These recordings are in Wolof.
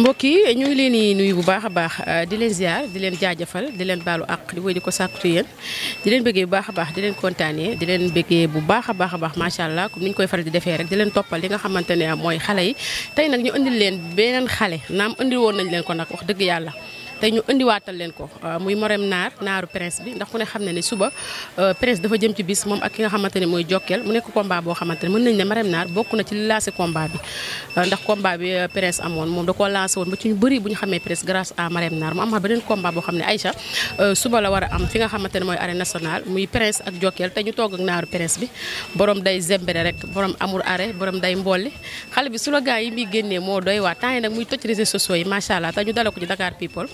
mbokk yi ñu ngi leen di nuyu bu baax a baax euh, di leen ziar di leen jaajëfal di leen baalu ak di wéy di ko sàkkutu yéen di leen bëggee bu baax a baax di leen kontaanee di leen bëggee bu baax a baax a baax macha allah comme ni ñu koy faral di defee rek di leen toppal di nga xamante ne mooy xale yi tey nag ñu indil leen beneen xale naam indil woon nañ leen ko nag wax dëgg yàlla te ñu indiwaatal leen ko euh, muy Marème Naar naaru prince bi ndax ku ne xam ne ne suba euh, prince dafa jëm ci bis moom ak ki nga xamante ne mooy Jokkel mu nekk combat boo xamante ne mën nañ ne Naar bokk na ci li lancé combat bi euh, ndax combat bi prince amoon moom da koo woon ba ci ñu bëri bu ñu xamee prince grâce à Marème Naar mu amaat beneen combat boo xam ne Aïcha suba la war a am fi nga xamante ne mooy arène nationale muy prince ak Jokkel tey ñu toog ak naaru prince bi borom day zembere rek borom amul arrêt borom day mboole xale la gaa yi muy génnee moo doy waa temps yi nag muy toj yi macha allah tey ñu dala ko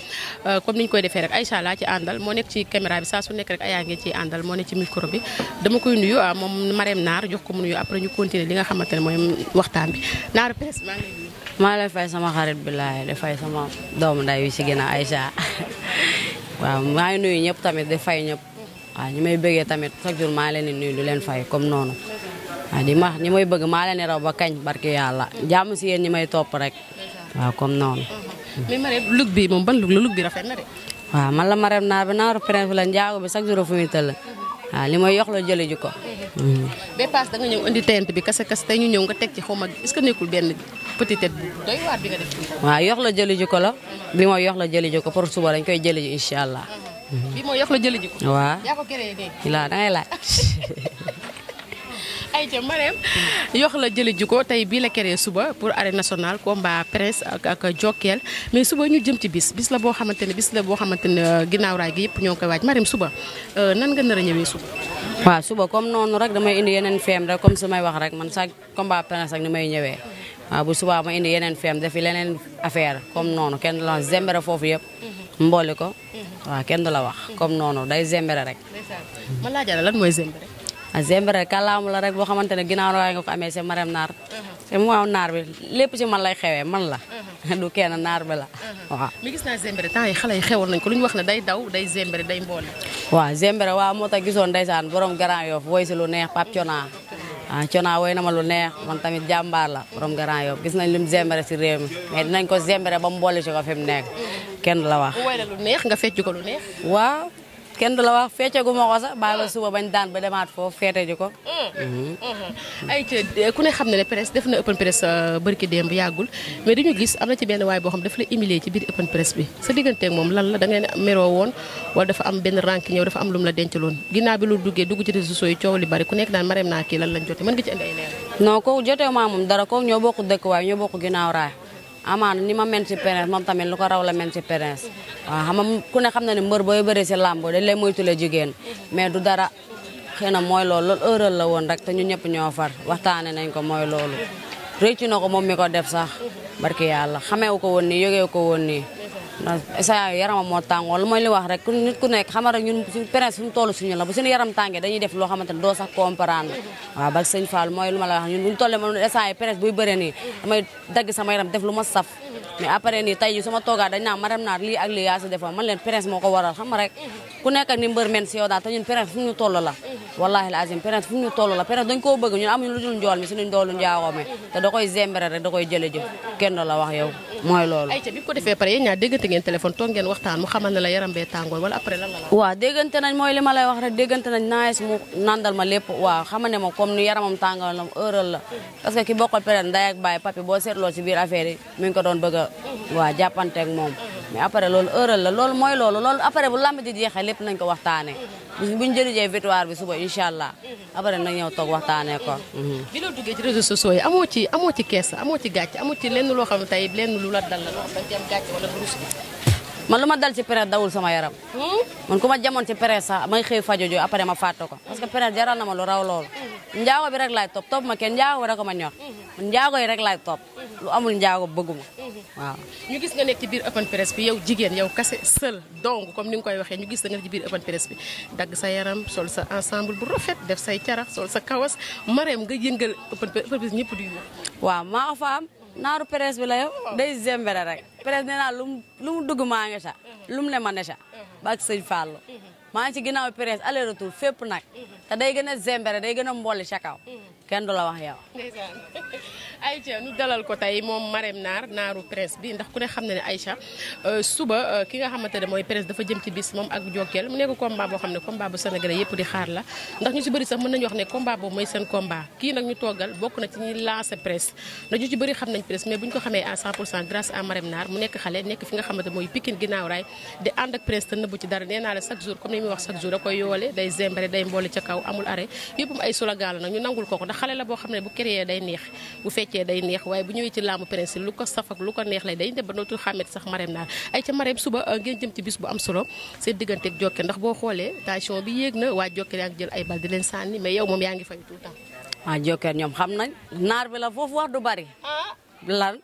Euh, comme ni ñu koy defee rek Aïcha ci àndal moo nekk ci caméra bi saa su nekk rek ayaa ngeen ciy àndal moo nekk ci micro bi dama koy nuyu ah, moom Marème Naar jox ko mu nuyu après ñu continuer li nga xamante ne mooy waxtaan bi Naar Presse maa lay nuyu. sama xarit bi laay fay sama doomu nday wi si ginnaaw Aïcha waaw maa ngi nuyu ñëpp tamit di fay ñëpp waaw ñi may bëggee tamit chaque jour maa leen di nuyu du leen fay comme noonu. waaw di ma ñi may bëgg maa leen di raw ba kañ barki yàlla jàmm si yéen ñi may topp rek waaw comme noonu. mais Marème lug bi moom ban lug la lug bi rafet na de. waaw man la Marème naa bi naaru prince la njaago bi chaque jour fu muy tëll li may yox la jëlee ji ko. ba paas da nga ñëw indi bi kase kase tey ñu ñëw nga teg ci xaw ma est-ce que nekkul benn la jëlee ko la bi ma yox la jëlee ji ko pour suba lañ koy jëlee incha allah. la jëlee ji ko. ayca Marème yox la jële ji ko tey bii la keree suba pour arène nationale combat prince ak ak jokkeel mais suba ñu jëm ci bis bis la boo xamante ne bis la boo xamante ne ginnaaw raay gi yëpp ñoo ngi koy waaj Marème suba euh, nan nga nar a ñëwee suba. comme noonu rek damay indi yeneen feem rek comme su wax rek man sax combat prince ak may ñëwee subaa ma indi yeneen feem dafi leneen affaire comme noonu kenn la zembere foofu yëpp. Mhm. mboole ko. Mhm. waaw kenn du la wax. comme noonu day zembere rek. ma lan mooy zembere. Zimbre rek kàllaama la rek boo xamante ne ginnaaw waaye nga ko amee si Marème Naar. te mu naar bi lépp si man lay xewee man la. du kenn naar bi la waaw. mi gis naa Zimbre temps yi xale yi nañ ko lu ñu wax ne day daw day Zimbre day mboole. waaw Zimbre waaw moo tax gisoon ndeysaan borom Grand Yoff woy si lu neex Pape Cona ah Cona woy na ma lu neex man tamit jàmbaar la borom Grand Yoff gis nañ lim Zimbre si réew mi mais dinañ ko Zimbre ba mboole si ko fi mu nekk kenn la wax. kenn du la wax fecce gu ma ko sax bàyyi ba suba bañ daan ba demaat foofu feete ji ko. Mm-hmm. Mm-hmm. Mm-hmm. ay ku ne xam na ne presse def na open presse euh, barki démb yàggul mais dañu gis am na ci benn waay boo xam daf ci bi sa digganteeg moom lan la da ngeen meroo woon wala dafa am benn rank ñëw dafa am lu mu la dencaloon ginnaaw bi lu duggee dugg ci réseaux sociaux yi coow li bari ku nekk daan mareem naa kii lan lañ jotee mën nga ci indi ay ko jotee maa dara ko ñoo bokk dëkk waaye ñoo bokk ginnaaw raay. amaana ni ma mel si Prince moom tamit lu ko raw la mel si Prince waaw xam nga ku ne xam na ne mbër booy bëri si làmb le lay moytule jigéen mais du dara xëy na mooy loolu loolu la woon rek te ñu ñëpp ñoo far waxtaane nañ ko mooy loolu rëccu na ko moom mi ko def sax barki yàlla xameewu ko woon nii yëgeewu ko woon nii esa yaramam wax rek ku nekk xamal rek ñun presse suñu toll suñu la bu suñu yaram tàngee dañuy def loo xamante ne doo sax comprendre ma la wax ñun buñu tollee ma esa yi presse buy sama yaram def naa madam naar lii ak lii yaa si defoon man leen presse moo ko waral xam rek ku nekk ak ni mbër men si yow daal te ñun presse fu ñu toll la wallahi la azim presse ñu toll la presse dañ koo bëgg ñun amuñu lu dul njool mi suñu ndoolu njaawoo mi te da zembere rek da koy jële la wax yow mooy loolu. ayca bi ko defee pare yéen ñaa déggante ngeen téléphone toog ngeen waxtaan mu xamal ne la yaram bee tàngoor wala après lan la nañ mooy li ma lay wax rek déggante nañ naaj mu nandal ma lépp waaw xamal ne ma kom ni yaramam tàngoor la heure la parce que ki bokkal période nday ak papi boo seetloo ci biir affaire yi ngi ko doon bëgg a. Mm-hmm. waaw jàppanteeg moom. mais après loolu heure la loolu mooy loolu loolu après bu lamb ji jeexee lépp nañ waxtaanee. bu ñu jëlee victoire bi suba incha allah. après nañ ñëw toog waxtaanee ko. Mhm. bi loo duggee ci réseaux sociaux yi amoo ci amoo ci kees amoo ci gàcce amoo ci lenn loo xam ne tey lenn lu la dal la loo xam lu ma dal ci presse dawul sama yaram. Hmm? man ku ma jamoon ci presse sax may xëy fajojo après ma fàtte ko. parce que presse jaral na ma lu raw loolu. Hmm. njaago bi rek laay topp topp ma ke njaago bi rek ma ñor. Hmm. njaago yi rek laay topp. lu amul njaago bëgguma mhm. waaw ñu gis nga nekk ci biir open press bi yow jigéen yow kase seul donc comme ni nga koy waxee ñu gis nga nekk ci biir open press bi dagg sa yaram sol sa ensemble bu rafet def say carax sol sa kawas mareem nga yëngal open press ñëpp di waaw maa fa am naaru presse bi la yow oh. day zembere rek presse nee naa lu lu mu dugg maa nga ca mhm. lu mu le ma ne ca mhm. baak sëñ Fallou maa ngi ci ginnaaw presse aller fépp nag te day gën a zembere day gën a mbooli ca kenn du la wax yow. ndeysaan Aïcha ñu dalal na ne Aïcha euh, suba euh, ki nga xamante ne mooy presse dafa jëm ci bis boo xam ne combat bu Sénégalais yëpp ñu ci bëri sax mën nañu wax ne combat boobu mooy bokk na ci ñuy lancer presse ndax ñu ci bëri nga xamante mooy Pikine ginnaaw raay di ànd ak presse te nëbbu ci dara nee naa la chaque jour comme ni muy wax chaque jour da koy yoole day zembre day mboole ca kaw amul arrêt yëpp ay slogan la ñu nangul ko ko xale la boo xam ne bu créé day neex bu feccee day neex waaye bu ñëwee ci làmb Prince lu ko saf ak lu ko neex lay day dem ba nootul xàmmet sax Marème Naar ay ca Marème suba euh, ngeen jëm ci bis bi yéeg na waa Jokke yaa ngi jël ay bal ah, la foofu wax du bari. Ah.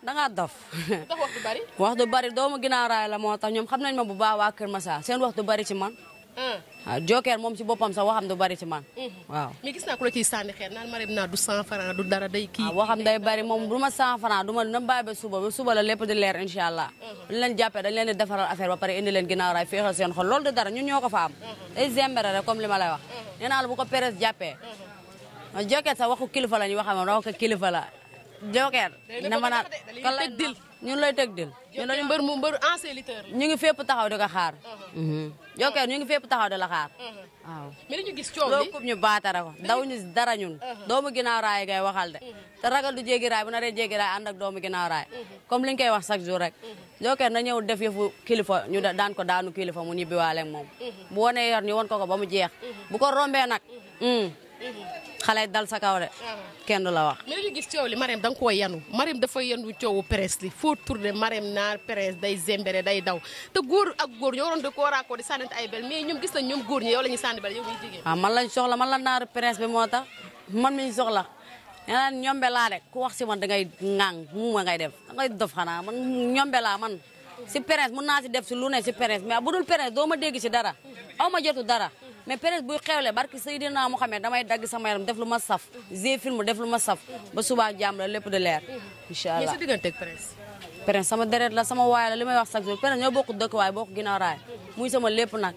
da ngaa dof wax du bari doomu ginnaaw la moo tax ñoom xam nañ ma bu baax a Kër Massa seen wax du bari ci man waaw ah, joker moom ci boppam sa waxam du bari ci man. Mhm. waaw mais gis naa ku la ciy sànni xeer naan Marème naa du 100 francs du dara day. kii ah, waxam day bari moom du ma 100 du ma na ba suba ba suba la lépp di leer incha allah. Mhm. bu ñu leen jàppee dañ leen di defaral affaire ba pare indi leen ginnaaw raay féexal seen xol loolu du dara ñun ñoo ko fa am. Mhm. day zembere rek comme ma lay wax. nee naa la bu ko peres jàppee. joker sa wax kilifa la ñu waxam waxu kilifa la joker. na ma naan ñun lay teg dil ñun lañu mbër mu mbër ancien lutteur ñu ngi fépp taxaw di ko xaar Joker uh-huh. mhm. ñu ngi fépp taxaw di la xaar uh-huh. waaw mais dañu gis baatara ko daw ñu dara ñun uh-huh. doomu ginnaaw raay ngay waxal de te ragal di jéggi raay bu na dee jéggi raay ànd ak doomu ginnaaw raay comme li ñu koy wax chaque jour rek Joker na ñëw def yëfu kilifa ñu daan ko daanu kilifa mu ñibbiwaale ak moom bu wonee yor ñu won ko ba mu jeex bu ko rombee nag mm. xale dal sa kaw de. Ah. kenn du la wax. mais ñu gis coow li Marème da nga koo yanu Marème dafa yanu coowu presse li foo tourné Marème naar da day zembere day daw te góor ak góor ñoo waroon di ko raakoo di sànnante ay bel mais ñoom gis nañ ñoom góor ñi yow la ñuy sànni bel yow muy jigéen. waaw ah, man soxla man la naaru presse bi moo tax man mi ñu soxla nee naa ñombe laa wax si man dangay ŋàng mu ma ngay def dangay dof xanaa man ñombe laa man si presse mun naa si def si lu ne si presse mais bu dul presse doo ma dégg si dara aw ma jotu dara. mais Pérez buy xewle barki Seydina Mouhamed damay dagg sama yaram def lu ma saf g film def lu ma saf ba subaa jàmm la lépp de leer incha allah sa diggante ak Pérez sama deret la sama waay la li may wax chaque jour Pérez ñoo bokk dëkk waay bokk ginnaaw raay muy lépp nag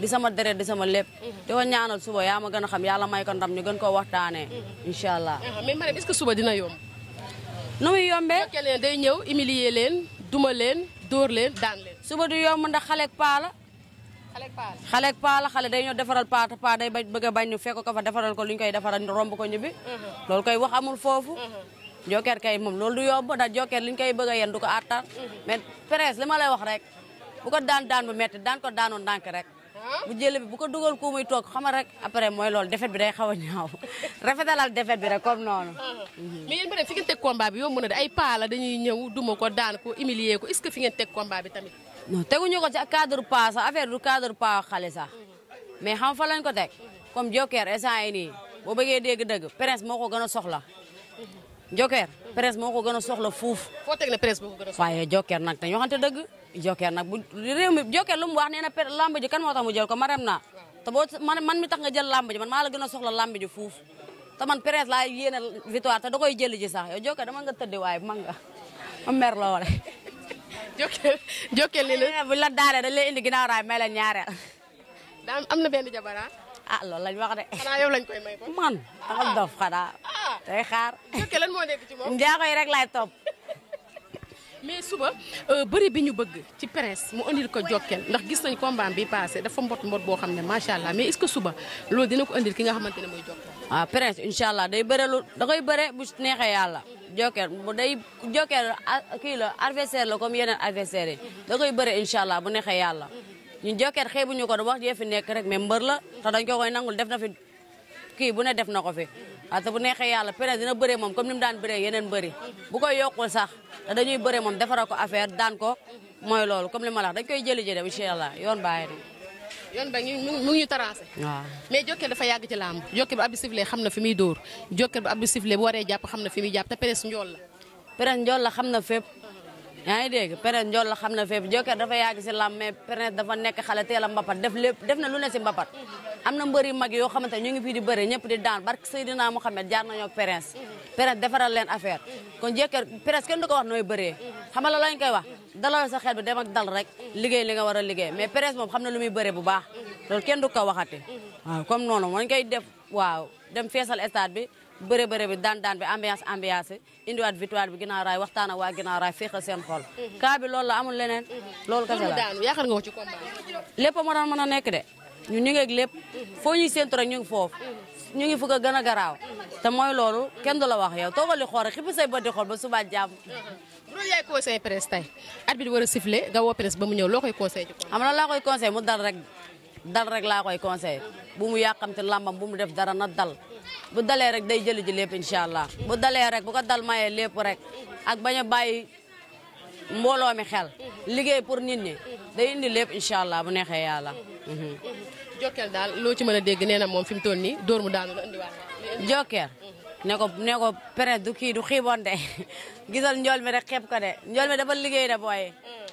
di sama deret sama lépp di ñaanal suba yaa ma gën a xam yàlla may ko ndam ñu gën koo waxtaanee incha allah ah, mais Marème est-ce que suba dina yomb nu muy yombee day ñëw humilier leen duma leen dóor leen daan leen suba du yomb ndax xale ak paa xale ak paa la day ñëw defaral paa te day bëgg a bañ ñu fekk ko fa defaral ko lu ñu koy defaral romb ko ñibbi mhm. loolu koy wax amul foofu mhm. joker kay moom loolu du yomb ndax koy bëgg a ko attan mhm. mais presse li ma lay wax rek bu ko daan daan ko rek ah? bu jëlee bi bu ko dugal ko muy toog xama rek après mooy loolu defet bi day xaw a ñaaw rafetalal defet bi rek comme noonu. Ah. mais yéen ko daan ko humilier ko est-ce fi ngeen teg combat tamit. non teguñu ko ci cadre pa sax affaire du cadre pa xale sax mais xam fa lañ ko teg comme Joker instant yi nii boo bëggee dégg dëgg presse moo ko gën a soxla Joker presse moo ko gën a soxla fuuf. foo teg ne presse moo ko gën a soxla. waaye Joker nag dañoo xamante dëgg Joker nag bu réew mi Joker lu mu wax nee na lamb ji kan moo tax mu jël ko ma rem naa te boo man man mi tax nga jël lamb ji man maa la gën a soxla lamb ji fuuf te man presse laa yéene victoire te da koy jëli ji sax yow Joker dama nga tëdde waaye mag nga ma mer la wala jokkeel jokkeel li la ah, bu la daanee dañ lay indi ginnaaw raay may la ñaareel. daa am na benn jabaraa. Ah? Ah, lañ wax de. xanaa lañ koy may ko. man dafa dof xanaa. day xaar. jokkeel moo nekk ci moom. njaago yi rek laay topp. mais suba euh, bëri bi ñu bëgg ci presse mu andil ko jokkeel ndax gis nañ combat bi passé dafa mbot mbot boo xam ne macha allah mais est suba loolu dina ko andil ki nga xamante ne mooy jokkeel. waaw presse incha day bëre lu da koy bëre bu neexee yàlla. Joker bu day Joker kii la adversaire la comme yeneen adversaire yi da koy bëre incha allah bu neexee yàlla ñun Joker ñu ko wax jee fi nekk rek mais mbër la te dañ ko koy nangul def na fi kii bu ne def na ko fi waaw te bu neexee yàlla pene dina bëree moom comme ni mu daan bëree yeneen bëri bu koy yokkul sax te dañuy bëree moom defara ko affaire daan ko mooy loolu comme li ma la wax dañ koy jëli ji dem incha allah yoon bàyyi yoon ba ngi mu ngi ñu tracé waaw mais jokkeel dafa yàgg ci làmb jokkeel bu abbi siflé xam na fi muy dóor jokkeel bu abbi siflé bu waree jàpp xam na fi muy jàpp te peres njool la peres njool la xam na fépp yaa ngi dégg peres njool la xam na fépp jokkeel dafa yàgg si làmb mais peres dafa nekk xale teel a mbapat def lépp def na lu ne si mbapat am na mbër yu mag yoo xamante ñu ngi fii di bëre ñëpp di daan barke Seydina Mouhamed jaar nañoo ak peres peres defaral leen affaire kon jokkeel peres kenn du ko wax nooy bëree xamala lañ koy wax dalal sa bi dem ak dal rek liggéey li nga war a liggéey mais presse moom xam na lu muy bëre bu baax loolu kenn du ko waxati waaw comme noonu man koy def waaw dem feesal stade bi bëre bëre bi daan daan bi ambiance ambiance indiwaat victoire bi ginnaaw raay waxtaan ak waa ginnaaw raay féexal seen xol kaa bi la amul leneen loolu kese la yaakaar nga ko ci combat lépp moo daan mën a nekk de ñu ñu ngeeg lépp foo ñuy séntu rek ñu ngi foofu ñu ngi fukk a gën a garaaw te mooy loolu kenn du la wax yow toogal li xool xibu say bët ba suba jàmm. bu doon yaay conseil presse tey arbitre war a siffler nga ba mu ñëw loo koy conseil ko xam na laa koy conseil mu dal rek dal rek laa koy conseil bu mu yàqamte làmbam bu mu def dara na dal bu dalee rek day jëli ji lépp incha allah bu dalee rek bu ko dal mayee lépp rek ak bañ a bàyyi mbooloo mi xel liggéey pour nit ñi day indi lépp incha allah bu neexee yàlla. Mhm. Jokal daal loo ci mën a dégg nee na moom fi mu toll nii dóor mu daanu la indiwaat. Jokal ne ko ne ko peut du kii du xiiboon de gisal njool mi rek xeeb ko de njool da dafa liggéey de booy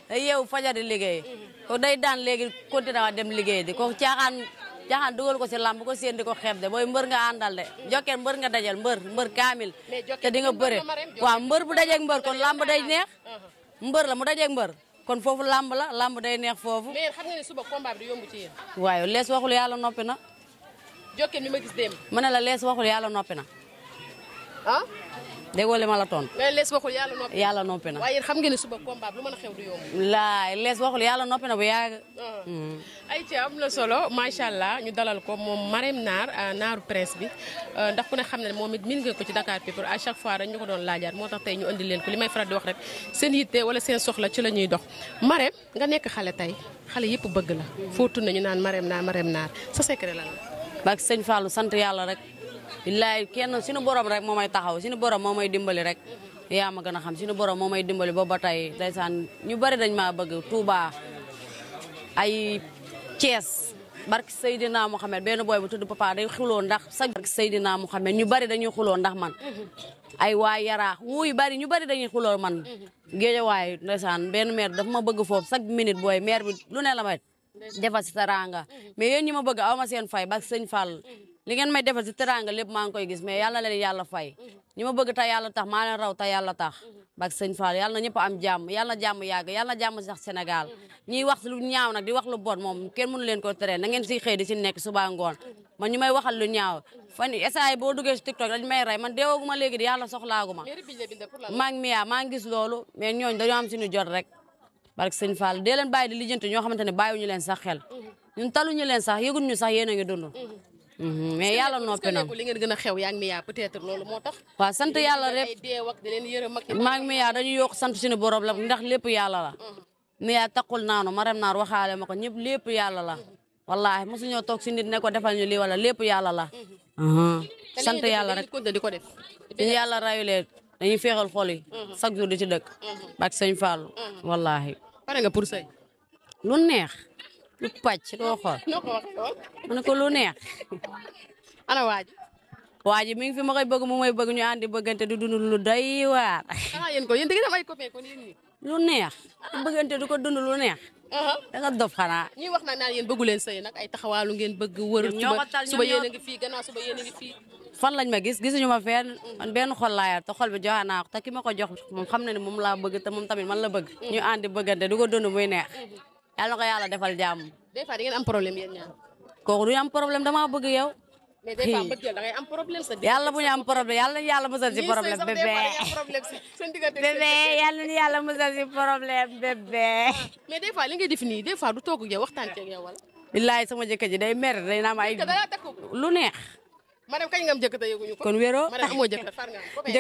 day fajar di liggéey ko day daan léegi continué waat dem liggéey di ko caaxaan dugal ko si làmb ko seen di ko xeeb de booy mbër nga àndal de Jokal mbër nga dajal mbër mbër kaamil te di nga bëre waaw mbër bu dajeeg mbër kon làmb day neex uh-huh. mbër la mu dajeeg mbër kon foofu làmb la làmb day neex foofu. xam nga ne suba combat bi ci yéen. waaye lees waxul yàlla noppi na. jokkeel mi ma gis ne la lees waxul yàlla noppi na. ah. déggoo li la tontu. mais lees waxul yàlla noppi na na. waaye xam ngeen ne suba combat lu mën a xew du yomb. laay lees waxul yàlla noppi na bu yàgg. ayca ah. hmm. am na solo macha allah ñu dalal ko moom Marème Naar euh, naaru presse bi euh, ndax ku ne xam ne moom it miin nga ko ci dakaar Dakar pour à chaque fois rek ñu ko doon laajaat moo tax tey ñu andi leen ko li may faral di wax rek seen yitte wala seen soxla ci la ñuy dox. Marème nga nekk xale tey xale yëpp bëgg la. foo tudd nañu naan Marème Naar Marème Naar sa secret lan la. ba sëñ rek. billaay kenn suñu borom rek moo may taxaw suñu borom moo may dimbali rek yaa ma gën a xam suñu borom moo may dimbali booba tey ndeysaan ñu bari dañ maa bëgg Touba ay Thiès barki Seydina Mouhamed benn booy bu tudd papa day xuloo ndax sa barki Seydina Mouhamed ñu bari dañuy xuloon ndax man ay waa yaraax wuyu bari ñu bari dañuy xuloo man géejawaay ndeysaan benn meer dafa ma bëgg foofu chaque minute booy maire bi lu ne la may defal si taranga mais yéen ma bëgg aw seen fay barki sëñ Fall li ngeen may defal si teraanga lépp maa ngi koy gis mais yàlla leen yàlla fay mhm. ñi ma bëgg te yàlla tax maa raw te yàlla tax mhm. bak sëñ Fall ñëpp am jàmm yàlla jàmm yàgg yàlla jàmm sax Sénégal mhm. ñiy wax lu ñaaw nag di wax lu bon moom kenn mënu leen ko tere na ngeen siy di si nekk suba ngoon man ñu may waxal lu ñaaw fan essay boo duggee si TikTok may rey man deewaguma léegi di yàlla soxlaaguma maa ngi miyaa maa ngi gis loolu mais ñooñ dañoo am suñu jot rek barke sëñ Fall leen bàyyi di lijjanti ñoo xamante ne bàyyiwuñu leen sax xel ñun taluñu leen sax yëguñu sax yéen a ngi dund Mm-hmm. mais yàlla noppi na li ngeen gën a xew yaa ngi miyaa peut-être loolu moo tax. waaw sant yàlla rek maa ngi miyaa dañu yokk sant suñu borom la ndax lépp yàlla la. miyaa mm-hmm. takkul naanu ma rem naar waxaale ma ko ñëpp lépp yàlla la. Mm-hmm. wallaahi mosu ñoo toog si nit ne ko defal ñu lii wala lépp yàlla la. Uh-huh. sant yàlla rek di ko def. yàlla rayulee dañuy féexal xol yi. chaque jour di ci dëkk. bak sëñ Fallou. wallaahi. lu neex. lu pàcc loo xool. mu ne ko lu neex. ana waaj. waaj mi ngi fi ma koy bëgg mu may bëgg ñu àndi bëggante du dund lu doy waar. ah yéen ko yéen da ay copain lu neex. bëggante du ko dund lu neex. Uh-huh. da nga dof xanaa. ñuy wax nag naan yéen bëggu leen nag ay taxawaalu ngeen bëgg wër. ñoo ko tal a ngi fii fii. fan lañ ma gis gisuñu ma fenn man benn xol laa yor te xol bi joxe naa ko ki ma ko jox moom xam na ne moom laa bëgg te moom tamit man la bëgg. ñu àndi bëggante du ko dund muy neex yàlla na ko yàlla defal jàmm. des fois di ngeen am problème yéen ñaar. kooku du ñu am problème damaa bëgg yow. mais des da ngay bu ñu am problème na yàlla musal si problème bébé. bébé yàlla na yàlla musal si problème bébé. mais des fois li ji day mer day naa ma ay. lu neex. maanaam ko. kon wéro maanaam amoo jëkkër far waaye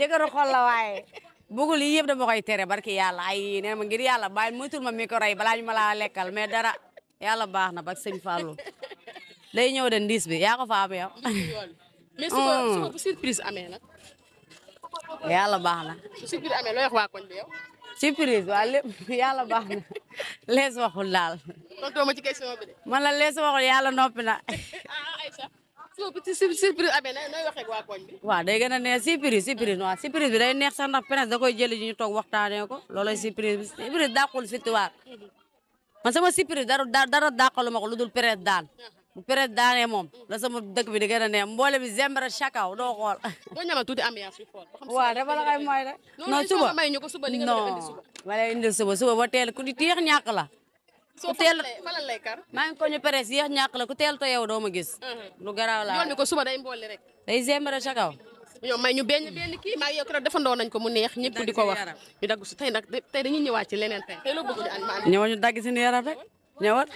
jëkkëru xol la waaye bëggul yi yëpp dama koy tere barki yàlla ay nee ma ngir yàlla bàyyi moytul ma micro yi balaa ñu lekkal mais dara yàlla baax na bak sëñ Fallou day ñëw de ndiis bi yaa ko fa am mm. surprise amee nag. yàlla baax na. su surprise yàlla baax na lees waxul daal. tontu lees waxul yàlla noppi na. Ah, waaw day gën a neex surprise surprise waaw surprise bi day neex sax ndax presse da koy jëli ñu toog waxtaanee ko loolay surprise bi surprise dàqul victoire man sama surprise dara dara ma ko lu dul presse daan uh-huh. bu presse daanee moom la sama dëkk bi di gën a neex mboole bi zembra chakaw doo xool. doo ñamal tuuti ambiance bi xool. waaw dafa la koy mooy rek. non suba non ma lay suba suba ba teel ku di teex ñàkk la. ku teel fan la maa ngi ko ñu presse yéex ñàkk la ku teel te yow doo ma gis. Mm-hmm. lu garaaw laa yoon ko suba day mbooli rek. day zembere ca kaw. ñoom may ñu benn benn kii maa ngi yokk rek defandoo nañ ko mu neex ñëpp di ko wax. ñu dagg si tey nag tey dañuy ñëwaat ci leneen tey tey loo bëgg ñu ñëwal ñu dagg seen yaram rek ñëwal.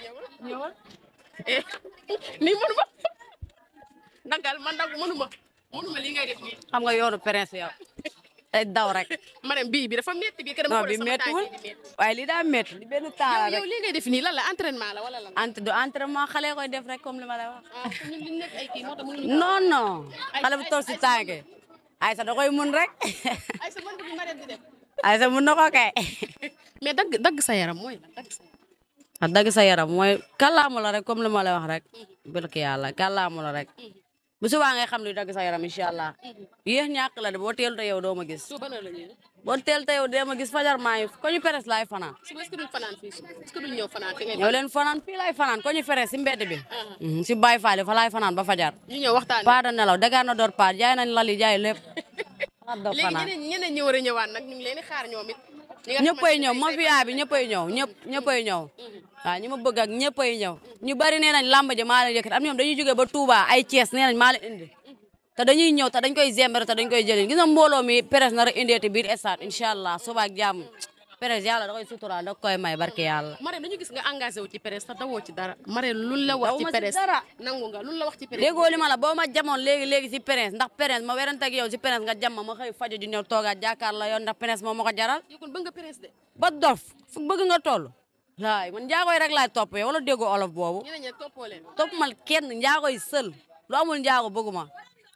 ñëwal nii eh, mënuma nagal man dagg mënuma mënuma li ngay def nii. xam nga yoonu presse yow. day eh, daw rek. ma ne bii bi dafa métti bi. non bi waaye li daa métti li benn taala rek nii lan la entraînement la wala lan. entre du entraînement xale koy def rek comme li ma la wax. Ah, non non. bu toll si tànke. Aïssa da koy mun rek. Aïssa mën na ko mun na ko dagg dagg sa yaram mooy ah, dagg sa yaram. mooy kàllaamu la rek comme li ma wax rek. barke yàlla kàllaamu la rek. Mm-hmm. bu subaa ngay xam luy dagg sa yaram incha allah yéex ñàkk boo teel te yow doo ma gis. boo teel te yow doo ma gis fajar maa ngi ko ñu peres laay fanaan. ñëw leen fanaan fii laay fanaan ko ñu peres si mbedd bi. Ah. Mm-hmm, si Baye Fall fa laay fanaan ba fajar. ñu ñëw waxtaan paa da nelaw dagaan na door paa jaay nañ lali jaay lépp. léegi ñeneen ñi a ñëwaat ñëppay ñëw mafia bi ñëppay ñëw ñëpp ñëppay ñëw mm-hmm. waaw ñi ma bëgg ak ñëppay ñëw ñu bari nee nañ làmb ji maa leen yëkkati am ñoom dañuy jógee ba Touba ay Thiès nee nañ maa indi te dañuy ñëw te dañ koy zember te dañ koy jëlin gis nga mbooloo mi presse nar a indeeti biir stade incha allah suba ak jàmm presse yàlla da koy suturaal da koy may barke yàlla. Marème dañu gis nga engagé wu ci presse sax dawoo ci dara. Marème lu la wax ci nga lu ma la boo ma jamoon léegi léegi si presse ndax presse ma werante ak yow si presse nga jàmm ma xëy fajo ju ñëw toogaat la yoon ndax presse ma ko jaral. yëgul bëgg ba dof fu bëgg nga toll. njaagoy rek laay toppee wala déggoo olof boobu. ñu ne ñu ma kenn njaagoy sël lu amul njaago bëgguma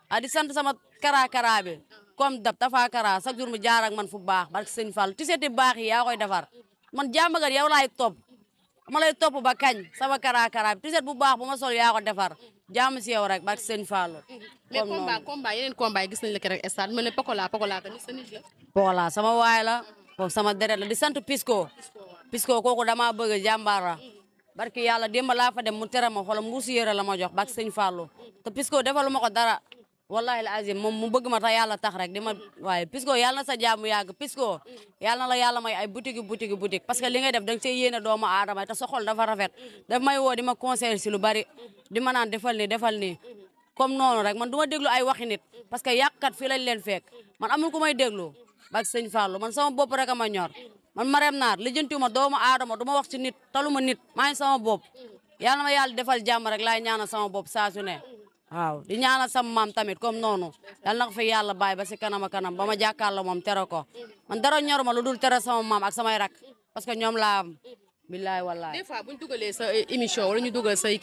a di sant sama karaakaraa bi comme dab tafakara chaque jour mu jaar ak man fu baax barke sëñ Fall tiseeti baax yi yaa koy defar man jàmbagat yow laay topp ma lay topp ba kañ sama karakara bi tiseet bu baax bu ma sol yaa ko defar jàmm si yow rek barke sëñ Fall. mais combat combat yeneen combat yi gis nañ la rek stade mel ne Pokola Pokola tamit sa nit la. sama waay la kooku sama deret la di sant Pisco Pisco kooku damaa bëgg jàmbaar la barke yàlla démb laa fa dem mu tere ma xolam mbuusu yëre la ma jox barke sëñ Fall te Pisco defalu ma ko dara. wallahi alazim moom mu bëgg ma tax yàlla tax rek di ma waaye Pisco yàlla na sa jaamu yàgg Pisco yàlla na la yàlla may ay boutique boutique boutique parce que li ngay def danga see yéene doomu aadama te sa xol dafa rafet daf may woo di ma conseil si lu bari di ma naan defal nii defal nii comme noonu rek man du ma déglu ay waxi nit parce que yàqkat fii lañ leen fekk man amul ku may déglu bak sëñ Fallou man sama bopp rek a ma ñor man Marème Nar lijjantiwuma doomu aadama du ma wax ci nit taluma nit maa sama bopp yàlla na yàlla defal jàmm rek laay ñaanal sama bopp saa su ne waaw di ñaanal sama maam tamit comme noonu yal na ko fi yàlla bàyyi ba si kanam a kanam ba ma jàkkaarloo moom tere ko man dara ñoruma lu dul tere sama maam ak sama rak parce que ñoom laa am. billaay wallaay des bu ñu dugalee sa émission wala ñu dugal say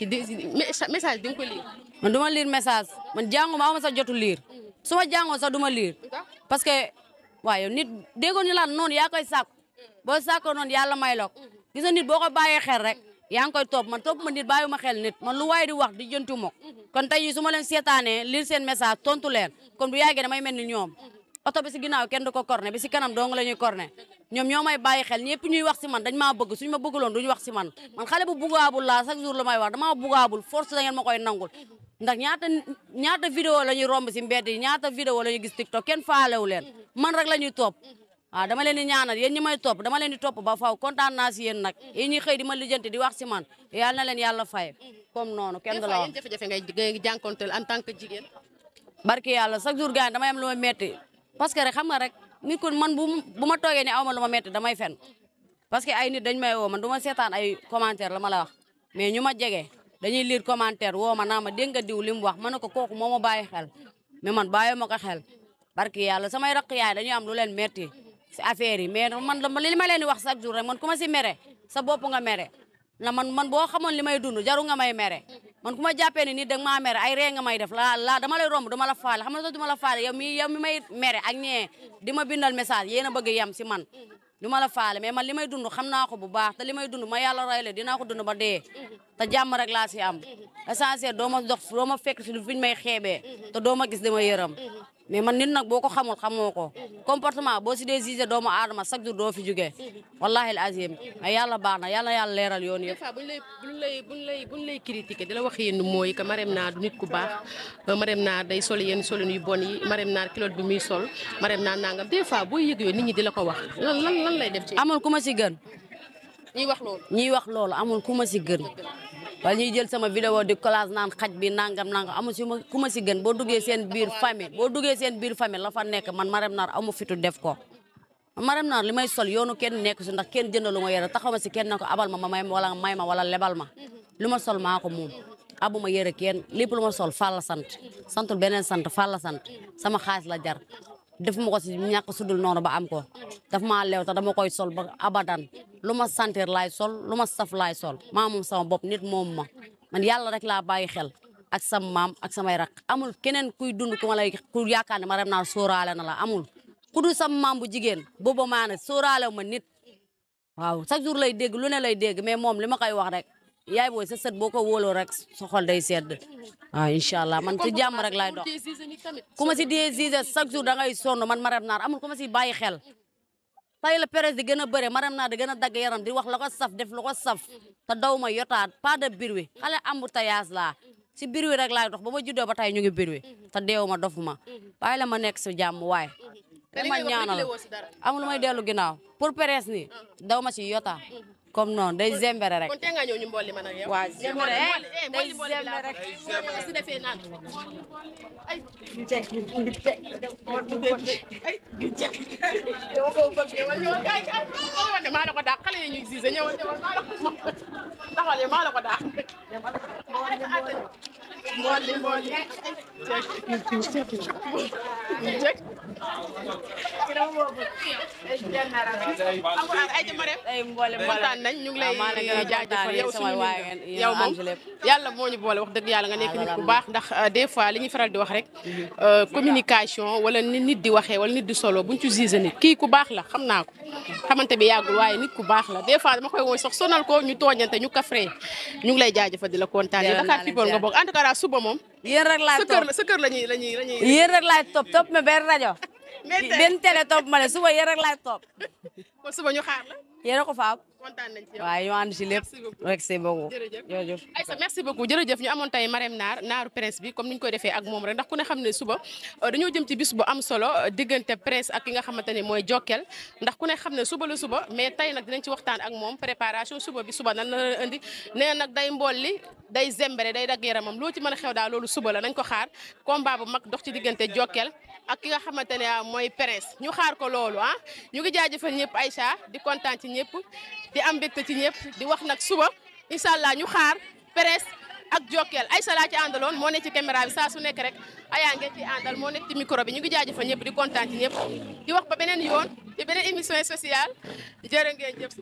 message di nga ko lire. man du ma lire message man jànguma aw ma sa jotu liir su ma sa duma liir ma parce que waaye nit déggoon ñu laan noon yaa koy sàkku boo sàkkoo noon yàlla may lok gis nga nit boo ko bàyyee xel rek. yaa ngi koy topp man topp ma nit bàyyi ma xel nit man lu waaye di wax di jëntu mok kon tey jii leen seetaanee lire seen message tontu leen kon bu yàggee damay mel ni ñoom oto bi si ginnaaw kenn du ko corné bi si kanam dong la ñuy corné ñoom ñoo may bàyyi xel ñëpp ñuy wax si man dañ maa bëgg suñu ma bëgguloon duñu wax si man man xale bu buggaabul laa chaque jour la may wax damaa buggaabul force da ngeen ma koy nangul ndax ñaata ñaata vidéo la ñuy romb si mbedd yi ñaata vidéo la ñuy gis TikTok kenn faalewu leen man rek la ñuy waaw ah, dama leen di ñaanal yéen ñi may topp dama leen di topp ba faw kontaan naa nag yéen ñi xëy di ma lijjanti di wax si man yàlla na leen yàlla fay comme noonu kenn la wax jafe-jafe ngay jànkonteel en tant que jigéen barki yàlla chaque jour gars damay am lu ma parce que rek xam nga rek nit kon man bu bu ma toogee ne aw ma lu damay fen parce que ay nit dañ may man du seetaan ay commentaire la ma la wax mais ñu ma jege dañuy lire commentaire woo ma naa ma dégg nga li mu wax ma ne ko kooku moo ma bàyyi xel mais man bàyyi ma ko xel barki yàlla samay raq yaay dañuy am lu leen metti si affaire yi mais man la li ma leen di wax chaque jour rek man ku si mere sa bopp nga mere na man man boo xamoon li may dund jaru nga may mere man ku ma jàppee ni nii da nga maa mere ay ree may def laa la dama lay romb dama la faale xam nga sax duma la faale yow mi yow mi may mere ak ñee di ma bindal message yéen a bëgg yem si man duma la faale mais man li may dund xam naa ko bu baax te li may dund ma yàlla le dinaa ko dund ba dee te jàmm rek laa am essentiel doo ma dox doo ma fekk si lu fi ñu may xeebee doo ma gis dama yërëm mais man nit nag boo ko xamul xamoo ko comportement boo si dee gisé doomu aadama chaque jour doo fi jugee wallahi al azim mais yàlla baax na yàlla yàlla leeral yoon yëpp. des fois buñ lay buñ lay buñ la wax yéen mooy que Marème Naar du nit ku baax euh, Marème naa day sol yenn solin yu bon yi Marème Naar kilote bi muy sol Marème naa nangam des fois boo yëg yoo nit ñi di la ko wax lan lan lan lay def ci. amul ku ma si gën. ñiy wax loolu ñiy wax loolu amul ku ma si gën. wala ñuy jël sama vidéo di collage naan xaj bi nangam nangam amu si ma ku ma si gën boo duggee seen biir famille boo duggee seen biir famille la fa nekk man Marème Nar amu fitu def ko Marème Nar li may sol yoonu kenn nekk si ndax kenn jëndalu ma yére taxaw ma si kenn ne ko abal ma ma may wala may ma wala lebal ma lu ma sol maako ko moom abu ma yére kenn lépp lu ma sol fàlla sant santul beneen sant fàlla sant sama xaalis la jar def ma ko si ñàkk sudul noonu ba am ko daf maa leew te dama koy sol ba abadan lu ma sentir laay sol lu ma saf laay sol maa moom sama bopp nit moom ma man yàlla rek laa bàyyi xel ak sam maam ak samay rak amul keneen kuy dund ku ma lay ku yaakaar ne ma rem naa sóoraale na la amul ku dul sam maam bu jigéen booba maa ne ma nit waaw chaque jour lay dégg lu ne lay dégg mais moom li ma koy wax rek yaay booy sa sët boo ko wooloo rek sa day sedd waaw ah, incha allah man ci jàmm rek laay dox ku ma si dee zizé chaque jour da ngay sonn man Marème Naar amul ku ma si bàyyi xel tey la presse di gën a bëre Marème Naar di gën a dagg yaram di wax la ko saf def la ko saf te daw ma yotaat pas de bir wi xale ambu tayaas laa si biir wi rek laay dox ba ma juddoo ba tey ñu ngi biir wi te deewu ma dofu ma bàyyi la ma nekk si jàmm waaye ma ñaanal amul ma dellu ginnaaw pour presse ni daw ma si yotaa comme noonu day zembere rek. kon tey nga ñëw ñu mbooli man ak yow. waa zembere eh, eh, day zembere rek. su defee naan. ay njëkk njëkk. maa la ko daax xale yi ñuy gisee ñëwal ñëwal maa la ko taxawal maa la ko daax. mbooli mbooli. ay mboole kontaan nañ ñu ngi lay jaajëfal yow suñu yow moom yàlla moo ñu boole wax dëgg yàlla nga nekk nit ku baax ndax euh, des fois li ñuy faral di wax rek euh, communication wala ni nit di waxee wala nit di solo buñ ci gise nit kii ku baax la xam naa ko xamante bi yàggul waaye nit ku baax la des fois dama koy wooy sax sonal ko ñu tooñante ñu kafree ñu lay jaajëfal di la kontaan yow Dakar People nga bokk en tout cas suba moom yéen rek laay topp sa kër lañuy lañuy lañuy yéen rek laay topp topp ma benn rajo benn télé topp ma ne suba yéen rek laay topp kon suba ñu xaar la yéen a ko kontaan nañ ci yow waaw ñu ànd si lépp merci beaucoup jërëjëf Aïssa jërëjëf ñu amoon tey Marème Naar naaru presse bi comme ni ñu koy defee ak moom rek ndax ku ne xam ne suba euh, dañoo jëm ci bis bu am solo euh, diggante presse ak ki xamante ne mooy Jokkel ndax ku ne xam ne suba suba mais tey nag dinañ ci waxtaan ak moom préparation suba bi suba nan la indi nee nag day mbolli day zembere day dagg yaramam loo ci mën a xew daal loolu suba nañ ko xaar combat bu mag dox ci diggante Jokkel ak ki nga xamante ne ah, mooy presse ñu xaar ko loolu ah ñu ngi jaajëfal ñëpp Aïcha di kontaan ci ñëpp di am mbégte ci ñëpp di wax nag suba incha allah ñu xaar presse ak jokkeel ay salaa ci àndaloon moo nekk ci caméra bi saa su nekk rek ayaa ngeen ci àndal moo nekk ci micro ñu ngi jaajëfal ñëpp di kontaan ci ñëpp di wax ba beneen yoon ci beneen émission sociale jërë ngeen jëf.